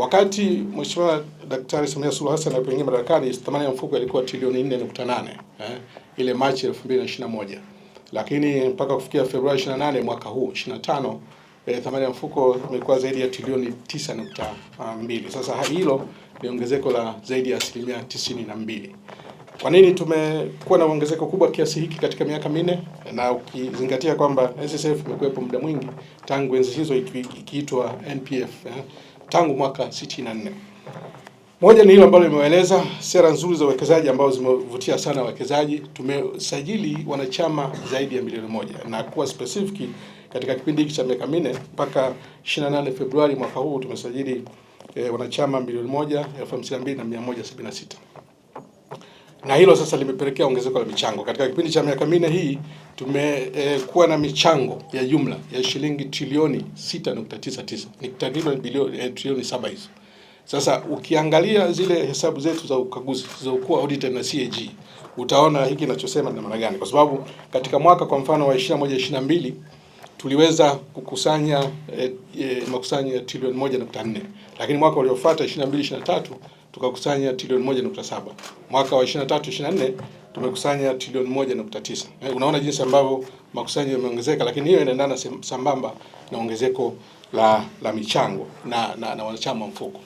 Wakati Mheshimiwa Daktari Samia Suluhu Hassan alipoingia madarakani, thamani ya mfuko ilikuwa trilioni 4.8 eh, ile Machi 2021, lakini mpaka kufikia Februari 28 mwaka huu 25 eh, thamani ya mfuko imekuwa zaidi ya trilioni 9.2. Ah, Sasa hali hilo ni ongezeko la zaidi ya asilimia 92. Kwa nini tumekuwa na ongezeko kubwa kiasi hiki katika miaka minne, na ukizingatia kwamba SSF imekuwepo muda mwingi tangu enzi hizo ikiitwa NPF eh? tangu mwaka 64. Moja ni hilo ambalo limeeleza sera nzuri za uwekezaji ambazo zimevutia sana wawekezaji. Tumesajili wanachama zaidi ya milioni moja na kuwa specific katika kipindi hiki cha miaka minne mpaka 28 Februari mwaka huu tumesajili eh, wanachama milioni moja elfu hamsini na mbili na mia moja sabini na sita na hilo sasa limepelekea ongezeko la michango katika kipindi cha miaka minne hii. Tumekuwa e, na michango ya jumla ya shilingi trilioni 6.99 ni takriban bilioni e, trilioni saba hizo. Sasa ukiangalia zile hesabu zetu za ukaguzi zilizokuwa audited na CAG utaona hiki ninachosema na maana gani, kwa sababu katika mwaka kwa mfano wa 21 22 tuliweza kukusanya e, e, makusanyo ya trilioni 1.4 lakini mwaka uliofuata 22 23 tukakusanya trilioni 1.7. Mwaka wa 23 24 tumekusanya trilioni 1.9. nukta eh, Unaona jinsi ambavyo makusanyo yameongezeka, lakini hiyo inaendana sambamba na ongezeko la, la michango na, na, na wanachama wa mfuko.